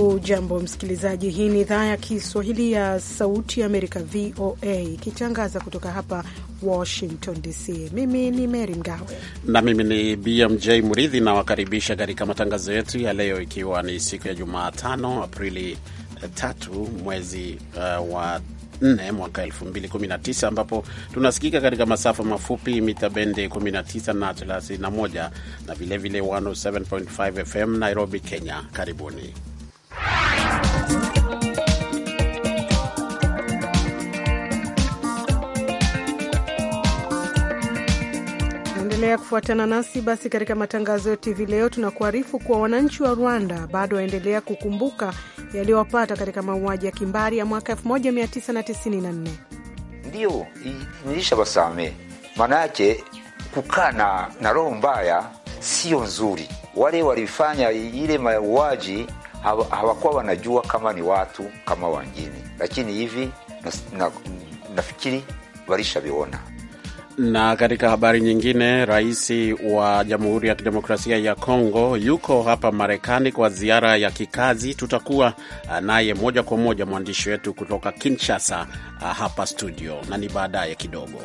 Hujambo msikilizaji, hii ni idhaa ya Kiswahili ya Sauti ya Amerika, VOA, ikitangaza kutoka hapa Washington DC. Mimi ni Mary Mgawe na mimi ni BMJ Muridhi, nawakaribisha katika matangazo yetu ya leo, ikiwa ni siku ya Jumatano Aprili eh, tatu mwezi uh, wa 4 mwaka 2019 ambapo tunasikika katika masafa mafupi mita bendi 19 na 31 na vilevile 107.5 FM Nairobi, Kenya. Karibuni. Endelea kufuatana nasi basi katika matangazo yetu hivi leo. Tunakuarifu kuwa wananchi wa Rwanda bado waendelea kukumbuka yaliyowapata katika mauaji ya kimbari ya mwaka 1994. Ndiyo, nilisha basame maana yake kukaa na roho mbaya sio nzuri. Wale walifanya ile mauaji hawakuwa wanajua kama ni watu kama wangine, lakini hivi nafikiri na, na walishaviona na katika habari nyingine, rais wa Jamhuri ya Kidemokrasia ya Kongo yuko hapa Marekani kwa ziara ya kikazi. Tutakuwa ah, naye moja kwa moja mwandishi wetu kutoka Kinshasa ah, hapa studio, na ni baadaye kidogo.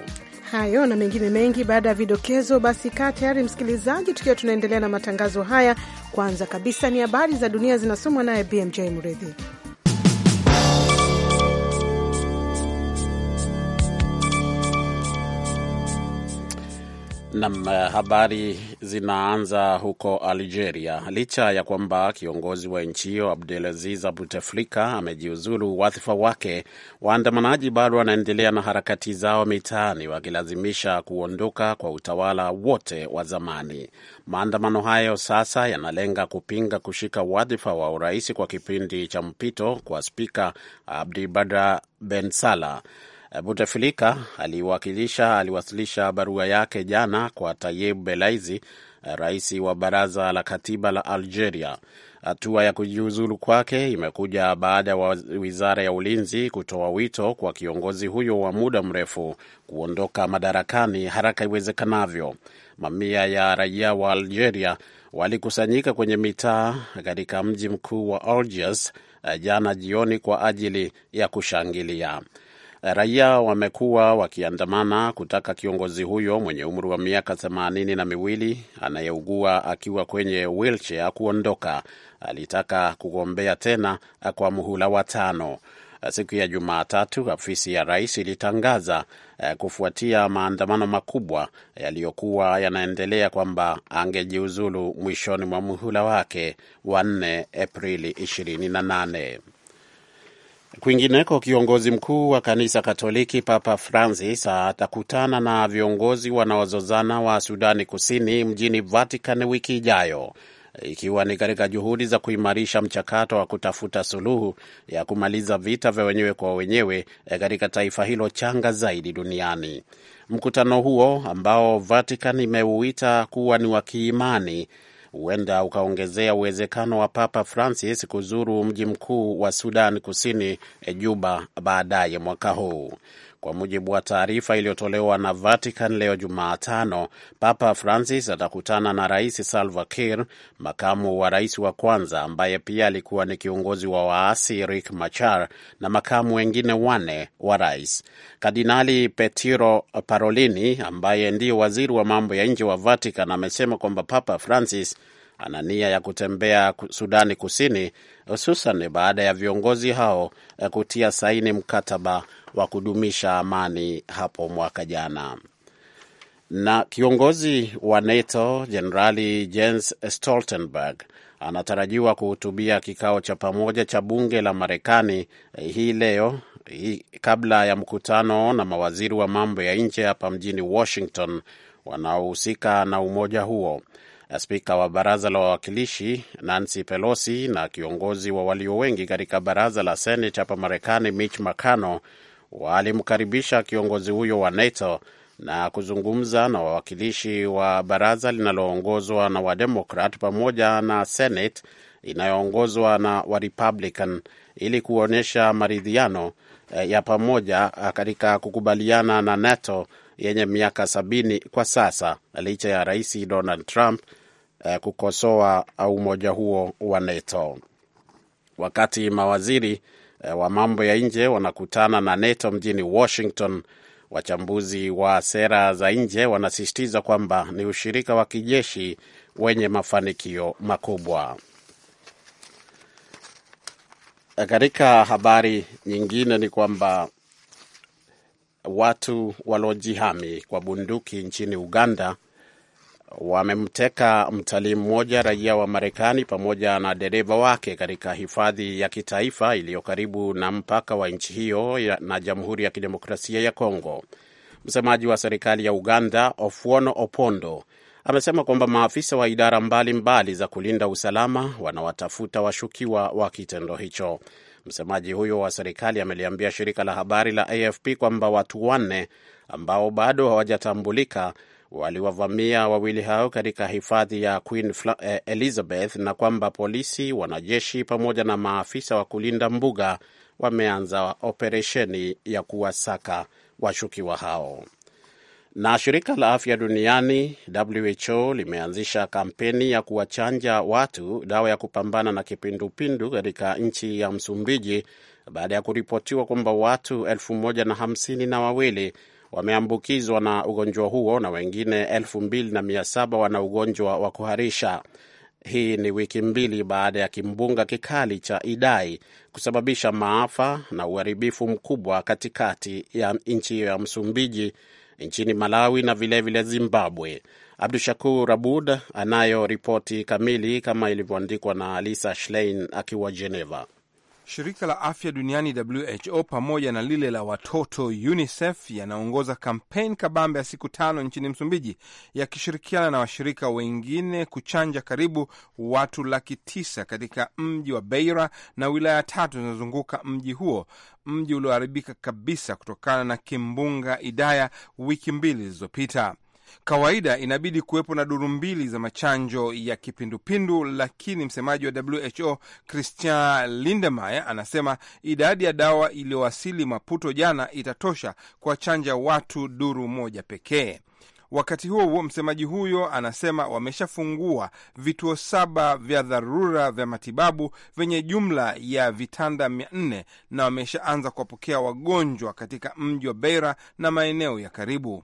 Hayo na mengine mengi baada ya vidokezo, basi kaa tayari msikilizaji, tukiwa tunaendelea na matangazo haya. Kwanza kabisa ni habari za dunia zinasomwa naye BMJ Mridhi. Nam, habari zinaanza huko Algeria. Licha ya kwamba kiongozi wa nchi hiyo Abdelaziz Abuteflika amejiuzulu wadhifa wake, waandamanaji bado wanaendelea na harakati zao mitaani, wakilazimisha kuondoka kwa utawala wote wa zamani. Maandamano hayo sasa yanalenga kupinga kushika wadhifa wa urais kwa kipindi cha mpito kwa spika Abdi Badra bensala Eh, Buteflika aliwakilisha aliwasilisha barua yake jana kwa Tayeb Belaizi, eh, rais wa baraza la katiba la Algeria. Hatua ya kujiuzulu kwake imekuja baada ya wizara ya ulinzi kutoa wito kwa kiongozi huyo wa muda mrefu kuondoka madarakani haraka iwezekanavyo. Mamia ya raia wa Algeria walikusanyika kwenye mitaa katika mji mkuu wa Algiers eh, jana jioni kwa ajili ya kushangilia. Raia wamekuwa wakiandamana kutaka kiongozi huyo mwenye umri wa miaka themanini na miwili anayeugua akiwa kwenye wheelchair kuondoka. Alitaka kugombea tena kwa muhula wa tano. Siku ya Jumatatu, afisi ya rais ilitangaza eh, kufuatia maandamano makubwa yaliyokuwa yanaendelea kwamba angejiuzulu mwishoni mwa muhula wake wa 4 Aprili 28. Kwingineko, kiongozi mkuu wa kanisa Katoliki Papa Francis atakutana na viongozi wanaozozana wa Sudani Kusini mjini Vatican wiki ijayo, ikiwa ni katika juhudi za kuimarisha mchakato wa kutafuta suluhu ya kumaliza vita vya wenyewe kwa wenyewe eh, katika taifa hilo changa zaidi duniani. Mkutano huo ambao Vatican imeuita kuwa ni wa kiimani huenda ukaongezea uwezekano wa Papa Francis kuzuru mji mkuu wa Sudan Kusini, eh, Juba, baadaye mwaka huu. Kwa mujibu wa taarifa iliyotolewa na Vatican leo Jumatano, Papa Francis atakutana na Rais Salva Kiir, makamu wa rais wa kwanza ambaye pia alikuwa ni kiongozi wa waasi Riek Machar, na makamu wengine wane wa rais. Kardinali petiro Parolini ambaye ndiye waziri wa mambo ya nje wa Vatican amesema kwamba Papa Francis ana nia ya kutembea Sudani Kusini, hususan baada ya viongozi hao eh, kutia saini mkataba wa kudumisha amani hapo mwaka jana. Na kiongozi wa NATO Jenerali Jens Stoltenberg anatarajiwa kuhutubia kikao cha pamoja cha bunge la Marekani eh, hii leo hii, kabla ya mkutano na mawaziri wa mambo ya nje hapa mjini Washington wanaohusika na umoja huo. Eh, spika wa baraza la wawakilishi Nancy Pelosi na kiongozi wa walio wengi katika baraza la Senate hapa Marekani Mitch McConnell walimkaribisha kiongozi huyo wa NATO na kuzungumza na wawakilishi wa baraza linaloongozwa na Wademokrat pamoja na Senate inayoongozwa na Warepublican ili kuonyesha maridhiano eh, ya pamoja eh, katika kukubaliana na NATO yenye miaka sabini kwa sasa licha ya Rais Donald Trump eh, kukosoa umoja huo wa NATO. Wakati mawaziri Eh, wa mambo ya nje wanakutana na NATO mjini Washington. Wachambuzi wa sera za nje wanasisitiza kwamba ni ushirika wa kijeshi wenye mafanikio makubwa. Eh, katika habari nyingine ni kwamba watu waliojihami kwa bunduki nchini Uganda wamemteka mtalii mmoja raia wa Marekani pamoja na dereva wake katika hifadhi ya kitaifa iliyo karibu na mpaka wa nchi hiyo na Jamhuri ya Kidemokrasia ya Kongo. Msemaji wa serikali ya Uganda, Ofuono Opondo, amesema kwamba maafisa wa idara mbalimbali mbali za kulinda usalama wanawatafuta washukiwa wa kitendo hicho. Msemaji huyo wa serikali ameliambia shirika la habari la AFP kwamba watu wanne ambao bado hawajatambulika waliwavamia wawili hao katika hifadhi ya Queen eh, Elizabeth na kwamba polisi, wanajeshi pamoja na maafisa wa kulinda mbuga wameanza operesheni ya kuwasaka washukiwa hao. Na shirika la afya duniani WHO limeanzisha kampeni ya kuwachanja watu dawa ya kupambana na kipindupindu katika nchi ya Msumbiji baada ya kuripotiwa kwamba watu elfu moja na hamsini na wawili wameambukizwa na ugonjwa huo na wengine 27 wana ugonjwa wa kuharisha. Hii ni wiki mbili baada ya kimbunga kikali cha Idai kusababisha maafa na uharibifu mkubwa katikati ya nchi hiyo ya Msumbiji, nchini Malawi na vilevile vile Zimbabwe. Abdu Shakur Abud anayo ripoti kamili kama ilivyoandikwa na Alisa Schlein akiwa Geneva. Shirika la afya duniani WHO pamoja na lile la watoto UNICEF yanaongoza kampeni kabambe ya siku tano nchini Msumbiji yakishirikiana na washirika wengine kuchanja karibu watu laki tisa katika mji wa Beira na wilaya tatu zinazozunguka mji huo, mji ulioharibika kabisa kutokana na kimbunga Idaya wiki mbili zilizopita kawaida inabidi kuwepo na duru mbili za machanjo ya kipindupindu, lakini msemaji wa WHO Christian Lindemeyer anasema idadi ya dawa iliyowasili Maputo jana itatosha kuwachanja watu duru moja pekee. Wakati huo huo, msemaji huyo anasema wameshafungua vituo saba vya dharura vya matibabu vyenye jumla ya vitanda mia nne na wameshaanza kuwapokea wagonjwa katika mji wa Beira na maeneo ya karibu.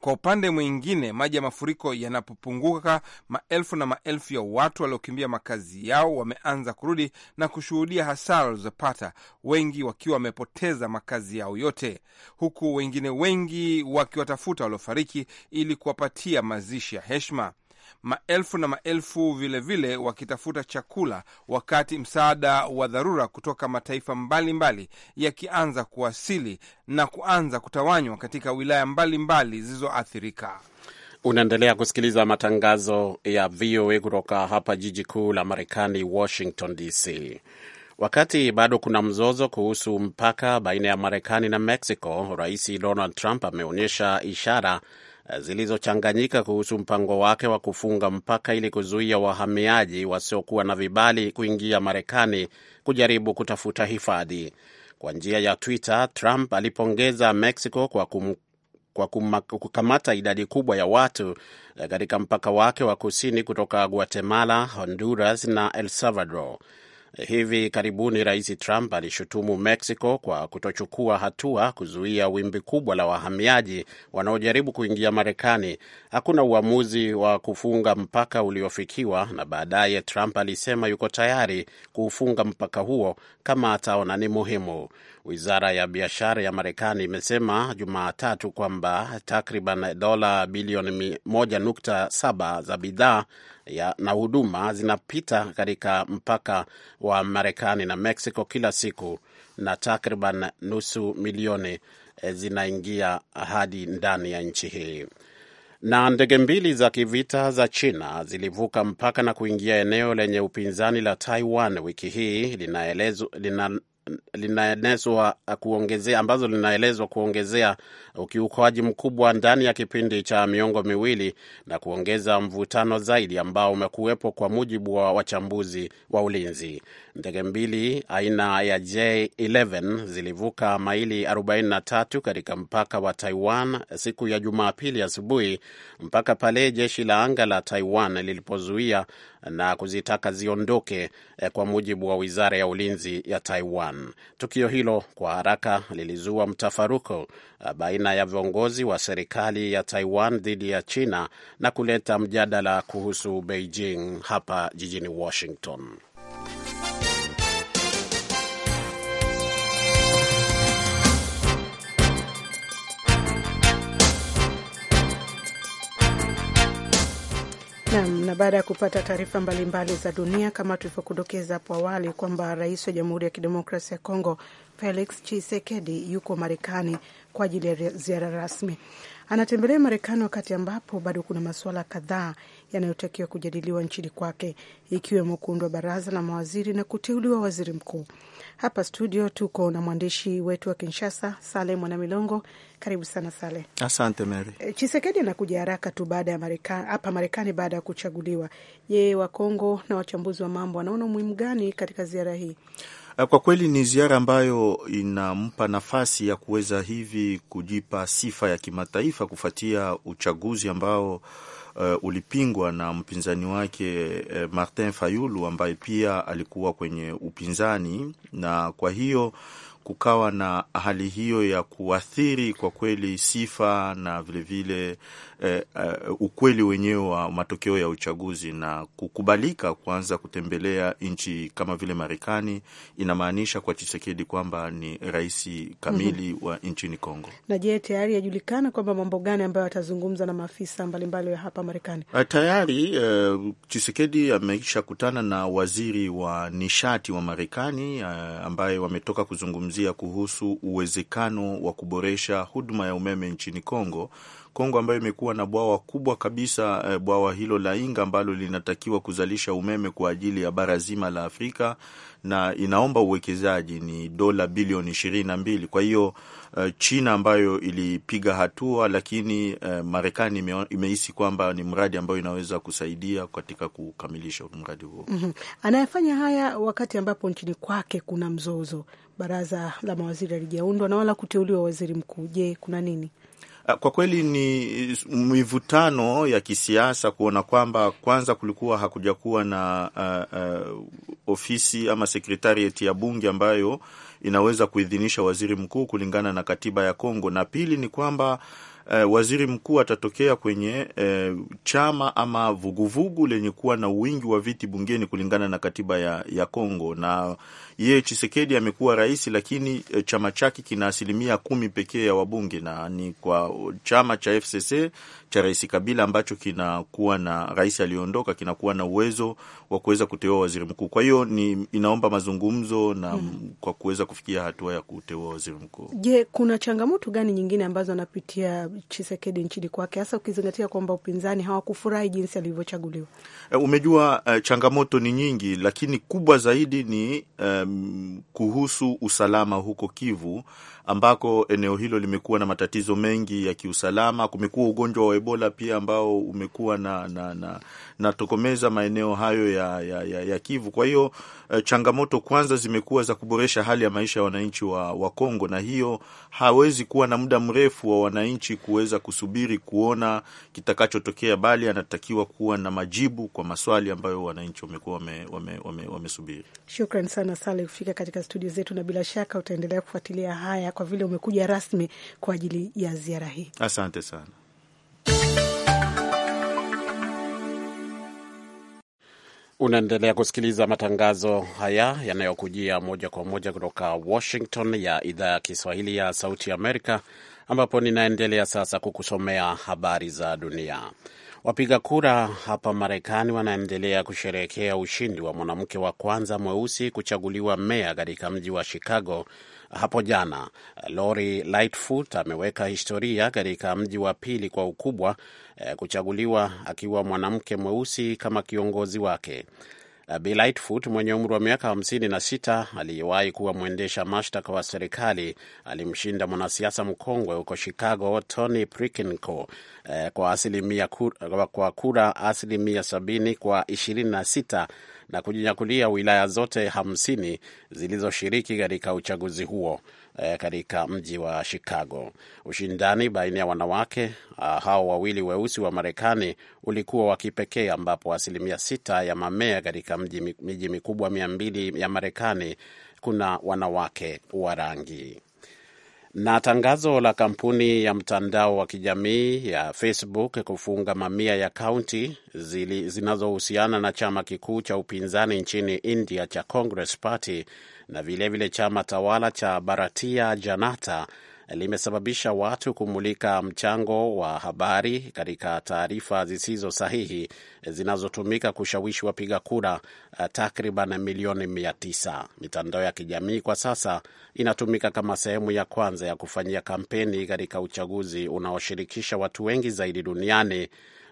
Kwa upande mwingine, maji ya mafuriko yanapopunguka, maelfu na maelfu ya watu waliokimbia makazi yao wameanza kurudi na kushuhudia hasara walizopata, wengi wakiwa wamepoteza makazi yao yote, huku wengine wengi wakiwatafuta waliofariki ili kuwapatia mazishi ya heshima maelfu na maelfu vilevile vile wakitafuta chakula, wakati msaada wa dharura kutoka mataifa mbalimbali yakianza kuwasili na kuanza kutawanywa katika wilaya mbalimbali zilizoathirika. Unaendelea kusikiliza matangazo ya VOA kutoka hapa jiji kuu la Marekani, Washington DC. Wakati bado kuna mzozo kuhusu mpaka baina ya Marekani na Mexico, Rais Donald Trump ameonyesha ishara Eh, zilizochanganyika kuhusu mpango wake wa kufunga mpaka ili kuzuia wahamiaji wasiokuwa na vibali kuingia Marekani kujaribu kutafuta hifadhi. Kwa njia ya Twitter, Trump alipongeza Mexico kwa kum kwa kukamata idadi kubwa ya watu eh, katika mpaka wake wa kusini kutoka Guatemala, Honduras na El Salvador. Hivi karibuni Rais Trump alishutumu Mexico kwa kutochukua hatua kuzuia wimbi kubwa la wahamiaji wanaojaribu kuingia Marekani. Hakuna uamuzi wa kufunga mpaka uliofikiwa, na baadaye Trump alisema yuko tayari kuufunga mpaka huo kama ataona ni muhimu. Wizara ya biashara ya Marekani imesema Jumatatu kwamba takriban dola bilioni 1.7 za bidhaa na huduma zinapita katika mpaka wa Marekani na Mexico kila siku na takriban nusu milioni e, zinaingia hadi ndani ya nchi hii. Na ndege mbili za kivita za China zilivuka mpaka na kuingia eneo lenye upinzani la Taiwan wiki hii, linaelezwa lina, linaenezwa eh, kuongezea ambazo linaelezwa kuongezea ukiukoaji mkubwa ndani ya kipindi cha miongo miwili na kuongeza mvutano zaidi ambao umekuwepo kwa mujibu wa wachambuzi wa ulinzi. Ndege mbili aina ya J11 zilivuka maili 43 katika mpaka wa Taiwan siku ya Jumapili asubuhi mpaka pale jeshi la anga la Taiwan lilipozuia na kuzitaka ziondoke eh, kwa mujibu wa wizara ya ulinzi ya Taiwan. Tukio hilo kwa haraka lilizua mtafaruko eh, baina ya viongozi wa serikali ya Taiwan dhidi ya China na kuleta mjadala kuhusu Beijing hapa jijini Washington. Nam, na baada ya kupata taarifa mbalimbali za dunia kama tulivyokudokeza hapo awali kwamba rais wa Jamhuri ya Kidemokrasia ya Kongo Felix Tshisekedi yuko Marekani kwa ajili ya ziara rasmi. Anatembelea Marekani wakati ambapo bado kuna masuala kadhaa yanayotakiwa kujadiliwa nchini kwake, ikiwemo kuundwa baraza la mawaziri na kuteuliwa waziri mkuu. Hapa studio tuko na mwandishi wetu wa Kinshasa, Sale Mwana Milongo. Karibu sana Sale. Asante Mary. Chisekedi eh, anakuja haraka tu baada ya Marekani, hapa Marekani baada ya kuchaguliwa. Je, Wakongo na wachambuzi wa mambo wanaona umuhimu gani katika ziara hii? Eh, kwa kweli ni ziara ambayo inampa nafasi ya kuweza hivi kujipa sifa ya kimataifa kufuatia uchaguzi ambao Uh, ulipingwa na mpinzani wake uh, Martin Fayulu ambaye pia alikuwa kwenye upinzani, na kwa hiyo kukawa na hali hiyo ya kuathiri kwa kweli sifa na vilevile vile, eh, uh, ukweli wenyewe wa matokeo ya uchaguzi na kukubalika kuanza kutembelea nchi kama vile Marekani, inamaanisha kwa Chisekedi kwamba ni rais kamili mm -hmm. wa nchini Kongo. Na je, tayari yajulikana kwamba mambo gani ambayo atazungumza na maafisa mbalimbali ya hapa Marekani? Uh, tayari uh, Chisekedi ameisha kutana na waziri wa nishati wa Marekani uh, ambaye wametoka kuzungumza kuzungumzia kuhusu uwezekano wa kuboresha huduma ya umeme nchini Kongo. Kongo ambayo imekuwa na bwawa kubwa kabisa eh, bwawa hilo la Inga ambalo linatakiwa kuzalisha umeme kwa ajili ya bara zima la Afrika na inaomba uwekezaji ni dola bilioni ishirini na mbili. Kwa hiyo eh, China ambayo ilipiga hatua, lakini eh, Marekani ime, imehisi kwamba ni mradi ambayo inaweza kusaidia katika kukamilisha mradi huo. mm -hmm. Anayefanya haya wakati ambapo nchini kwake kuna mzozo baraza la mawaziri halijaundwa na wala kuteuliwa waziri mkuu. Je, kuna nini? Ah, kwa kweli ni mivutano ya kisiasa kuona kwamba kwanza kulikuwa hakujakuwa na uh, uh, ofisi ama sekretarieti ya bunge ambayo inaweza kuidhinisha waziri mkuu kulingana na katiba ya Kongo, na pili ni kwamba uh, waziri mkuu atatokea kwenye uh, chama ama vuguvugu lenye kuwa na wingi wa viti bungeni kulingana na katiba ya, ya Kongo na yeye Chisekedi amekuwa rais, lakini e, chama chake kina asilimia kumi pekee ya wabunge, na ni kwa chama cha FCC cha rais Kabila ambacho kinakuwa na rais aliyoondoka kinakuwa na uwezo wa kuweza kuteua waziri mkuu. Kwa hiyo ni inaomba mazungumzo na hmm, kwa kuweza kufikia hatua ya kuteua waziri mkuu. Je, kuna changamoto gani nyingine ambazo anapitia Chisekedi nchini kwake, hasa ukizingatia kwamba upinzani hawakufurahi jinsi alivyochaguliwa? E, umejua e, changamoto ni nyingi, lakini kubwa zaidi ni e, kuhusu usalama huko Kivu ambako eneo hilo limekuwa na matatizo mengi ya kiusalama. Kumekuwa ugonjwa wa Ebola pia ambao umekuwa na, na, na, na tokomeza maeneo hayo ya, ya, ya, ya Kivu. Kwa hiyo eh, changamoto kwanza zimekuwa za kuboresha hali ya maisha ya wananchi wa, wa Kongo, na hiyo hawezi kuwa na muda mrefu wa wananchi kuweza kusubiri kuona kitakachotokea, bali anatakiwa kuwa na majibu kwa maswali ambayo wananchi wamekuwa wamesubiri wame, wame, wame. Shukran sana Sale kufika katika studio zetu, na bila shaka utaendelea kufuatilia haya kwa vile umekuja rasmi kwa ajili ya ziara hii. Asante sana. Unaendelea kusikiliza matangazo haya yanayokujia moja kwa moja kutoka Washington ya idhaa ya Kiswahili ya Sauti Amerika, ambapo ninaendelea sasa kukusomea habari za dunia. Wapiga kura hapa Marekani wanaendelea kusherehekea ushindi wa mwanamke wa kwanza mweusi kuchaguliwa meya katika mji wa Chicago hapo jana. Lori Lightfoot ameweka historia katika mji wa pili kwa ukubwa eh, kuchaguliwa akiwa mwanamke mweusi kama kiongozi wake. Eh, Bi Lightfoot mwenye umri wa miaka sita aliyewahi kuwa mwendesha mashtaka wa serikali alimshinda mwanasiasa mkongwe huko Chicago Tony Prikinco eh, kwa asilimia kura, kwa kura asilimia sabini kwa sita na kujinyakulia wilaya zote hamsini zilizoshiriki katika uchaguzi huo eh, katika mji wa Chicago. Ushindani baina ya wanawake ah, hao wawili weusi wa Marekani ulikuwa wa kipekee, ambapo asilimia sita ya mamea katika miji mikubwa mia mbili ya Marekani kuna wanawake wa rangi. Na tangazo la kampuni ya mtandao wa kijamii ya Facebook kufunga mamia ya kaunti zinazohusiana na chama kikuu cha upinzani nchini India cha Congress Party na vilevile vile chama tawala cha Bharatiya Janata limesababisha watu kumulika mchango wa habari katika taarifa zisizo sahihi zinazotumika kushawishi wapiga kura eh, takriban milioni mia tisa. Mitandao ya kijamii kwa sasa inatumika kama sehemu ya kwanza ya kufanyia kampeni katika uchaguzi unaoshirikisha watu wengi zaidi duniani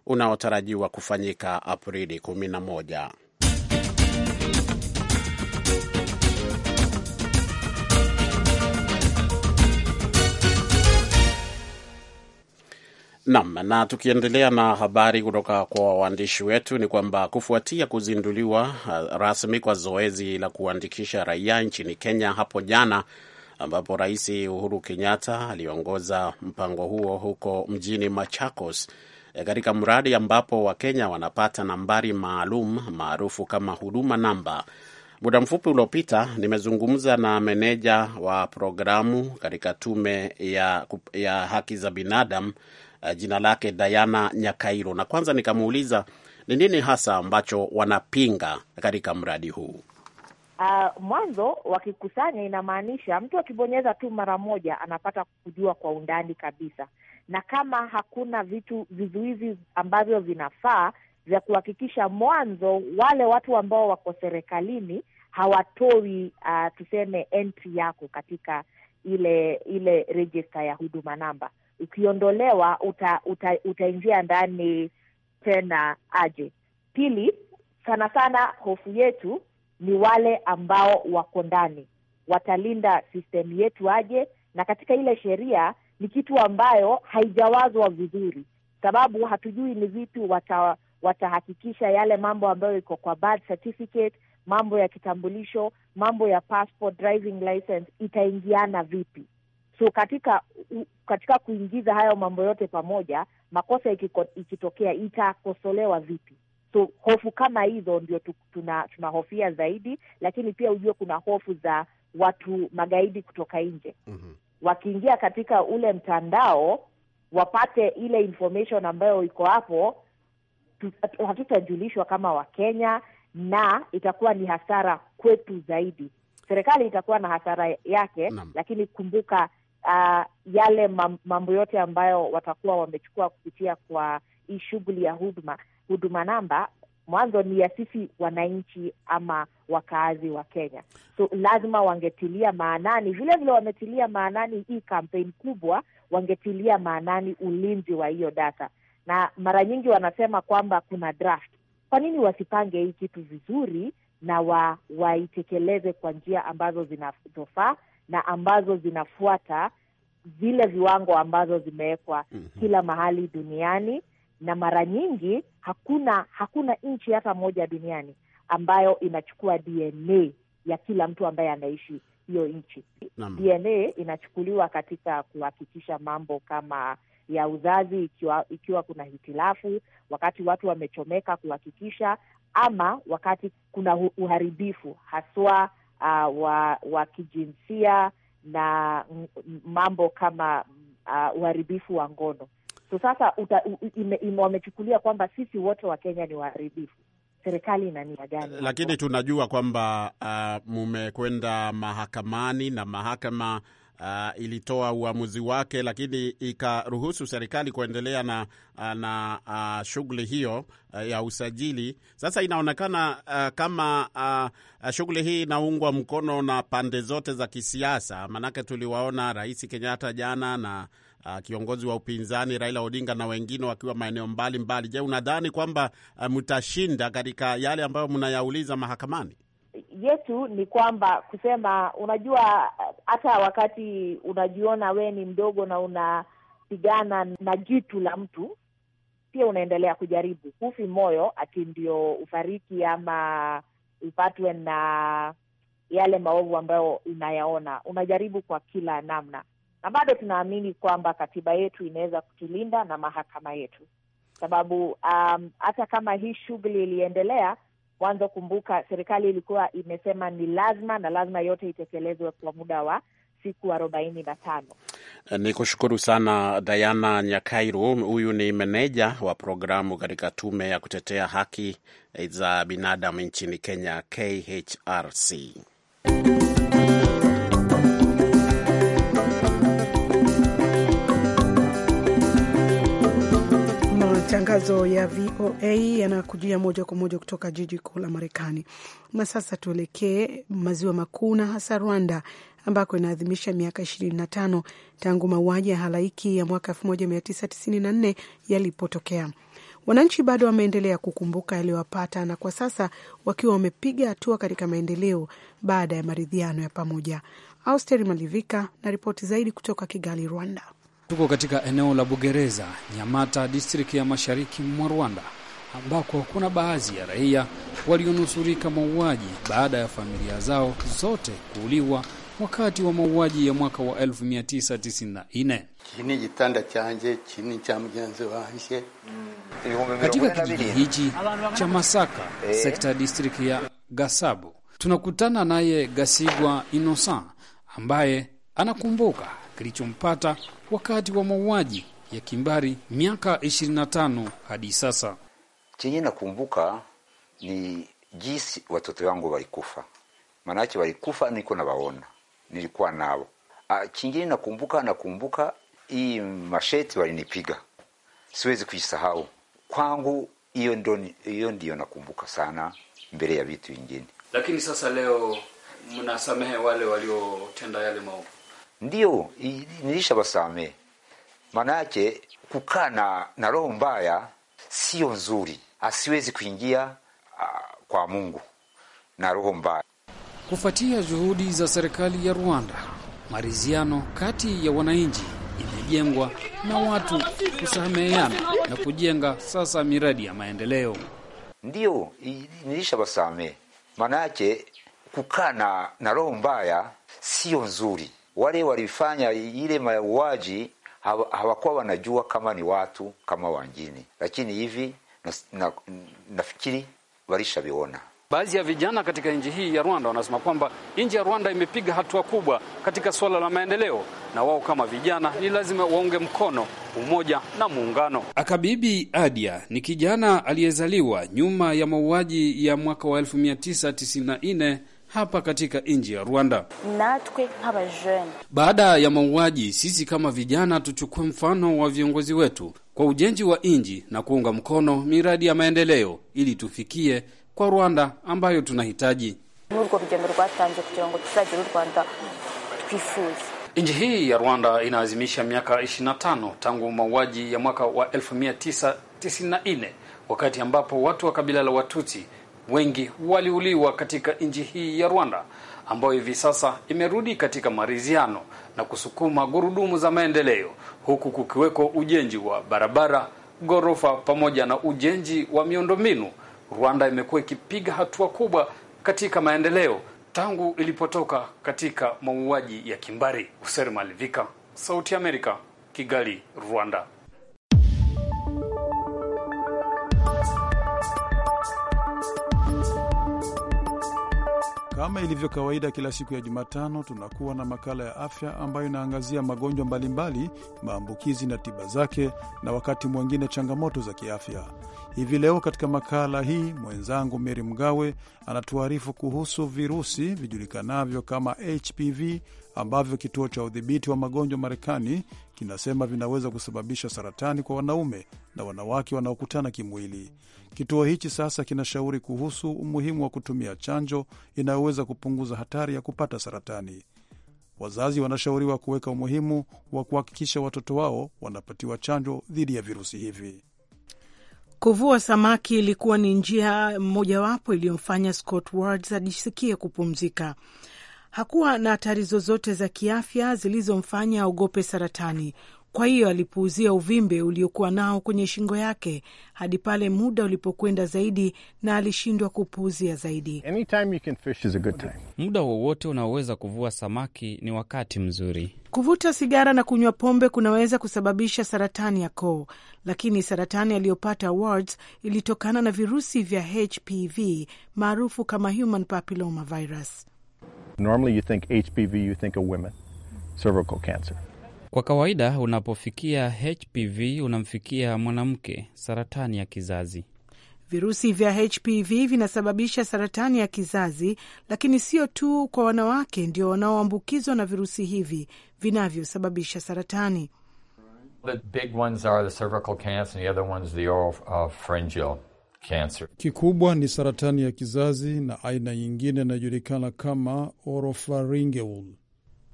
unaotarajiwa kufanyika Aprili 11. Nam, na tukiendelea na habari kutoka kwa waandishi wetu ni kwamba kufuatia kuzinduliwa uh, rasmi kwa zoezi la kuandikisha raia nchini Kenya hapo jana, ambapo Rais Uhuru Kenyatta aliongoza mpango huo huko mjini Machakos eh, katika mradi ambapo Wakenya wanapata nambari maalum maarufu kama huduma namba. Muda mfupi uliopita nimezungumza na meneja wa programu katika tume ya, ya haki za binadamu Eh, jina lake Diana Nyakairo, na kwanza nikamuuliza ni nini hasa ambacho wanapinga katika mradi huu. Uh, mwanzo wakikusanya, inamaanisha mtu akibonyeza tu mara moja anapata kujua kwa undani kabisa, na kama hakuna vitu vizuizi ambavyo vinafaa vya kuhakikisha mwanzo wale watu ambao wako serikalini hawatoi uh, tuseme entry yako katika ile ile rejista ya huduma namba ukiondolewa uta, uta, utaingia ndani tena aje. Pili, sana sana hofu yetu ni wale ambao wako ndani, watalinda system yetu aje? Na katika ile sheria ni kitu ambayo haijawazwa vizuri, sababu hatujui ni vipi wata, watahakikisha yale mambo ambayo iko kwa birth certificate, mambo ya kitambulisho, mambo ya passport, driving license itaingiana vipi? So katika katika kuingiza hayo mambo yote pamoja, makosa ikiko, ikitokea itakosolewa vipi? So hofu kama hizo ndio tunahofia tuna zaidi, lakini pia hujue kuna hofu za watu magaidi kutoka nje mm -hmm. Wakiingia katika ule mtandao wapate ile information ambayo iko hapo, hatutajulishwa kama Wakenya na itakuwa ni hasara kwetu zaidi. Serikali itakuwa na hasara yake Nam. Lakini kumbuka uh, yale mambo yote ambayo watakuwa wamechukua kupitia kwa hii shughuli ya huduma huduma namba mwanzo ni ya sisi wananchi ama wakaazi wa Kenya. So lazima wangetilia maanani vile vile, wametilia maanani hii kampeni kubwa, wangetilia maanani ulinzi wa hiyo data. Na mara nyingi wanasema kwamba kuna draft. Kwa nini wasipange hii kitu vizuri na wa, waitekeleze kwa njia ambazo zinazofaa na ambazo zinafuata zile viwango ambazo zimewekwa mm -hmm. kila mahali duniani, na mara nyingi hakuna hakuna nchi hata moja duniani ambayo inachukua DNA ya kila mtu ambaye anaishi hiyo nchi. DNA inachukuliwa katika kuhakikisha mambo kama ya uzazi, ikiwa, ikiwa kuna hitilafu, wakati watu wamechomeka, kuhakikisha ama wakati kuna uharibifu haswa uh, wa, wa kijinsia na mambo kama uh, uharibifu wa ngono. So sasa wamechukulia kwamba sisi wote wa Kenya ni waharibifu. Serikali ina nia gani? Lakini tunajua kwamba uh, mumekwenda mahakamani na mahakama uh, ilitoa uamuzi wake, lakini ikaruhusu serikali kuendelea na, uh, na uh, shughuli hiyo uh, ya usajili. Sasa inaonekana uh, kama uh, uh, shughuli hii inaungwa mkono na pande zote za kisiasa, manake tuliwaona Rais Kenyatta jana na Uh, kiongozi wa upinzani Raila Odinga na wengine wakiwa maeneo mbalimbali. Je, unadhani kwamba uh, mtashinda katika yale ambayo mnayauliza mahakamani? Yetu ni kwamba kusema, unajua hata wakati unajiona wee ni mdogo na unapigana na jitu la mtu, pia unaendelea kujaribu. Hufi moyo ati ndio ufariki ama upatwe na yale maovu ambayo unayaona. Unajaribu kwa kila namna, na bado tunaamini kwamba katiba yetu inaweza kutulinda na mahakama yetu, sababu um, hata kama hii shughuli iliendelea mwanzo, kumbuka serikali ilikuwa imesema ni lazima na lazima yote itekelezwe kwa muda wa siku arobaini na tano. Ni kushukuru sana Diana Nyakairu. Huyu ni meneja wa programu katika tume ya kutetea haki za binadamu nchini Kenya, KHRC. Matangazo ya VOA yanakujia moja kwa moja kutoka jiji kuu la Marekani. Na sasa tuelekee maziwa makuu na hasa Rwanda, ambako inaadhimisha miaka 25 tangu mauaji ya halaiki ya mwaka 1994 yalipotokea. Wananchi bado wameendelea kukumbuka yaliyowapata na kwa sasa wakiwa wamepiga hatua katika maendeleo baada ya maridhiano ya pamoja. Austeri Malivika na ripoti zaidi kutoka Kigali, Rwanda. Tuko katika eneo la Bugereza, Nyamata, district ya mashariki mwa Rwanda, ambako kuna baadhi ya raia walionusurika mauaji baada ya familia zao zote kuuliwa wakati wa mauaji ya mwaka wa 1994 chini jitanda chanje chini cha mjenzi wanje katika kijiji hichi cha Masaka e, sekta district ya Gasabu tunakutana naye Gasigwa Innocent ambaye anakumbuka kilichompata wakati wa mauaji ya kimbari miaka 25 hadi sasa. Chenye nakumbuka ni jinsi watoto wangu walikufa, maanake walikufa niko nawaona, nilikuwa nao. Chingine ah, nakumbuka, nakumbuka hii masheti walinipiga, siwezi kuisahau kwangu. Hiyo ndio hiyo nakumbuka sana mbele ya vitu vingine. Lakini sasa leo mnasamehe wale waliotenda yale maovu? ndio nilishawasamehe. Maana yake kukaa na, na roho mbaya sio nzuri, asiwezi kuingia a, kwa Mungu na roho mbaya. Kufuatia juhudi za serikali ya Rwanda, maridhiano kati ya wananchi imejengwa na watu kusameheana na kujenga sasa miradi ya maendeleo. Ndio nilishawasamehe. Maana yake kukaa na, na roho mbaya sio nzuri, wale walifanya ile mauaji hawakuwa wanajua kama ni watu kama wangine, lakini hivi na, nafikiri walishaviona. Baadhi ya vijana katika nchi hii ya Rwanda wanasema kwamba nchi ya Rwanda imepiga hatua kubwa katika suala la maendeleo, na wao kama vijana ni lazima waunge mkono umoja na muungano. Akabibi Adia ni kijana aliyezaliwa nyuma ya mauaji ya mwaka wa 1994 hapa katika nchi ya Rwanda. Natwe baada ya mauaji, sisi kama vijana tuchukue mfano wa viongozi wetu kwa ujenzi wa nchi na kuunga mkono miradi ya maendeleo ili tufikie kwa Rwanda ambayo tunahitaji. nji Nchi hii ya Rwanda inaazimisha miaka 25 tangu mauaji ya mwaka wa 1994 wakati ambapo watu wa kabila la Watutsi wengi waliuliwa katika nchi hii ya Rwanda ambayo hivi sasa imerudi katika maridhiano na kusukuma gurudumu za maendeleo, huku kukiweko ujenzi wa barabara, ghorofa pamoja na ujenzi wa miundombinu. Rwanda imekuwa ikipiga hatua kubwa katika maendeleo tangu ilipotoka katika mauaji ya kimbari. useri Malivika, Sauti ya Amerika, Kigali, Rwanda. Kama ilivyo kawaida, kila siku ya Jumatano tunakuwa na makala ya afya ambayo inaangazia magonjwa mbalimbali, maambukizi na tiba zake, na wakati mwingine changamoto za kiafya. Hivi leo katika makala hii mwenzangu Meri Mgawe anatuarifu kuhusu virusi vijulikanavyo kama HPV ambavyo kituo cha udhibiti wa magonjwa Marekani kinasema vinaweza kusababisha saratani kwa wanaume na wanawake wanaokutana kimwili. Kituo hichi sasa kinashauri kuhusu umuhimu wa kutumia chanjo inayoweza kupunguza hatari ya kupata saratani. Wazazi wanashauriwa kuweka umuhimu wa kuhakikisha watoto wao wanapatiwa chanjo dhidi ya virusi hivi. Kuvua samaki ilikuwa ni njia mojawapo iliyomfanya Scott Ward ajisikie kupumzika. Hakuwa na hatari zozote za kiafya zilizomfanya aogope saratani. Kwa hiyo alipuuzia uvimbe uliokuwa nao kwenye shingo yake hadi pale muda ulipokwenda zaidi na alishindwa kupuuzia zaidi. Muda wowote unaoweza kuvua samaki ni wakati mzuri. Kuvuta sigara na kunywa pombe kunaweza kusababisha saratani ya koo, lakini saratani aliyopata Wards ilitokana na virusi vya HPV maarufu kama human papilloma virus. Normally you think HPV, you think of women, cervical cancer. Kwa kawaida unapofikia HPV unamfikia mwanamke, saratani ya kizazi. Virusi vya HPV vinasababisha saratani ya kizazi, lakini sio tu kwa wanawake ndio wanaoambukizwa na virusi hivi vinavyosababisha saratani. The big ones are the cervical cancer and the other one's the oral, uh, pharyngeal. Kikubwa ni saratani ya kizazi na aina nyingine inayojulikana kama oropharyngeal.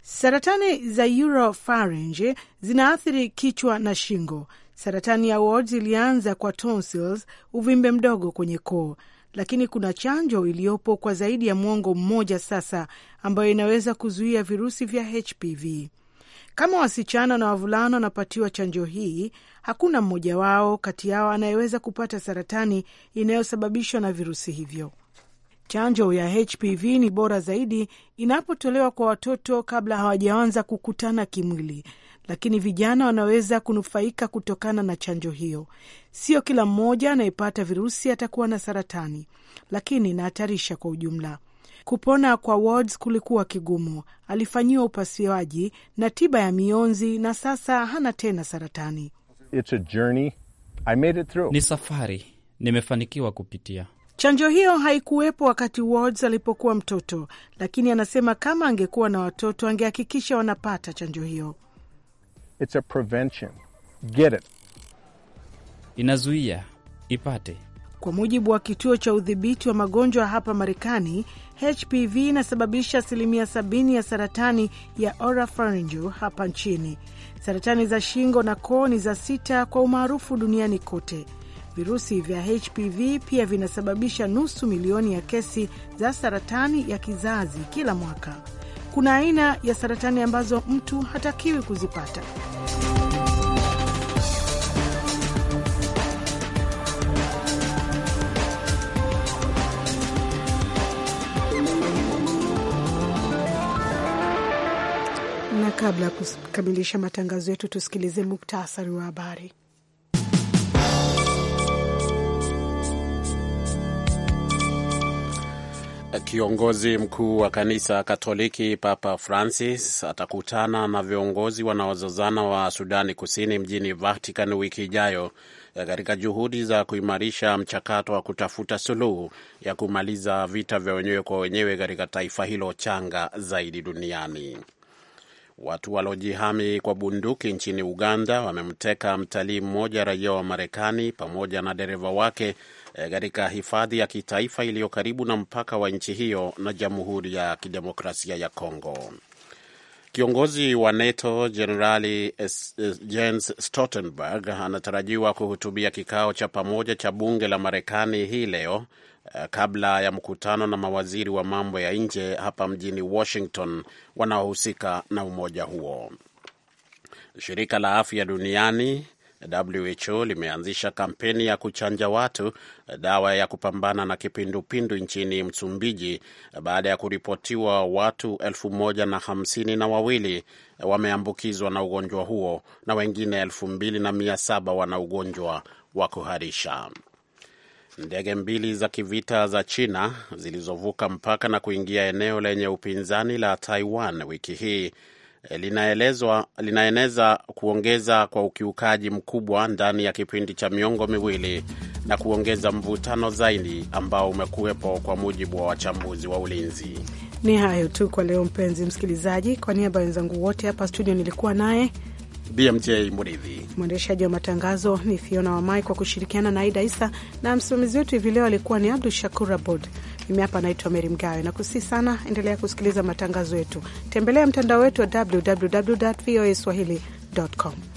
Saratani za uropharynge zinaathiri kichwa na shingo. Saratani ya Wards ilianza kwa tonsils, uvimbe mdogo kwenye koo, lakini kuna chanjo iliyopo kwa zaidi ya mwongo mmoja sasa ambayo inaweza kuzuia virusi vya HPV. Kama wasichana na wavulana wanapatiwa chanjo hii, Hakuna mmoja wao kati yao anayeweza kupata saratani inayosababishwa na virusi hivyo. Chanjo ya HPV ni bora zaidi inapotolewa kwa watoto kabla hawajaanza kukutana kimwili, lakini vijana wanaweza kunufaika kutokana na chanjo hiyo. Sio kila mmoja anayepata virusi atakuwa na saratani, lakini inahatarisha kwa ujumla. Kupona kwa Wards kulikuwa kigumu. Alifanyiwa upasuaji na tiba ya mionzi na sasa hana tena saratani it's a journey. I made it through. Ni safari nimefanikiwa kupitia. Chanjo hiyo haikuwepo wakati Wards alipokuwa mtoto, lakini anasema kama angekuwa na watoto angehakikisha wanapata chanjo hiyo. It's a prevention. Get it. Inazuia ipate. Kwa mujibu wa kituo cha udhibiti wa magonjwa hapa Marekani, HPV inasababisha asilimia 70 ya saratani ya oropharyngeal hapa nchini. Saratani za shingo na koo ni za sita kwa umaarufu duniani kote. Virusi vya HPV pia vinasababisha nusu milioni ya kesi za saratani ya kizazi kila mwaka. Kuna aina ya saratani ambazo mtu hatakiwi kuzipata. kabla ya kukamilisha matangazo yetu, tusikilize muktasari wa habari. Kiongozi mkuu wa kanisa Katoliki Papa Francis atakutana na viongozi wanaozozana wa Sudani Kusini mjini Vatican wiki ijayo eh, katika juhudi za kuimarisha mchakato wa kutafuta suluhu ya kumaliza vita vya wenyewe kwa wenyewe katika taifa hilo changa zaidi duniani. Watu walojihami kwa bunduki nchini Uganda wamemteka mtalii mmoja raia wa Marekani pamoja na dereva wake e, katika hifadhi ya kitaifa iliyo karibu na mpaka wa nchi hiyo na Jamhuri ya Kidemokrasia ya Kongo. Kiongozi wa NATO Jenerali eh, eh, Jens Stoltenberg anatarajiwa kuhutubia kikao cha pamoja cha bunge la Marekani hii leo Eh, kabla ya mkutano na mawaziri wa mambo ya nje hapa mjini Washington wanaohusika na umoja huo. Shirika la Afya Duniani WHO limeanzisha kampeni ya kuchanja watu eh, dawa ya kupambana na kipindupindu nchini Msumbiji eh, baada ya kuripotiwa watu elfu moja na hamsini na wawili wameambukizwa na ugonjwa huo na wengine elfu mbili na mia saba wana ugonjwa wa kuharisha. Ndege mbili za kivita za China zilizovuka mpaka na kuingia eneo lenye upinzani la Taiwan wiki hii eh, linaeneza kuongeza kwa ukiukaji mkubwa ndani ya kipindi cha miongo miwili na kuongeza mvutano zaidi ambao umekuwepo kwa mujibu wa wachambuzi wa ulinzi. Ni hayo tu kwa leo, mpenzi msikilizaji. Kwa niaba ya wenzangu wote hapa studio nilikuwa naye BMJ Muridhi. Mwendeshaji wa matangazo ni Fiona Wamai kwa kushirikiana na Aida Isa, na msimamizi wetu hivi leo alikuwa ni Abdu Shakur Abod. Mimi hapa naitwa Meri Mgawe na kusi sana. Endelea kusikiliza matangazo yetu, tembelea mtandao wetu wa www voa swahili com.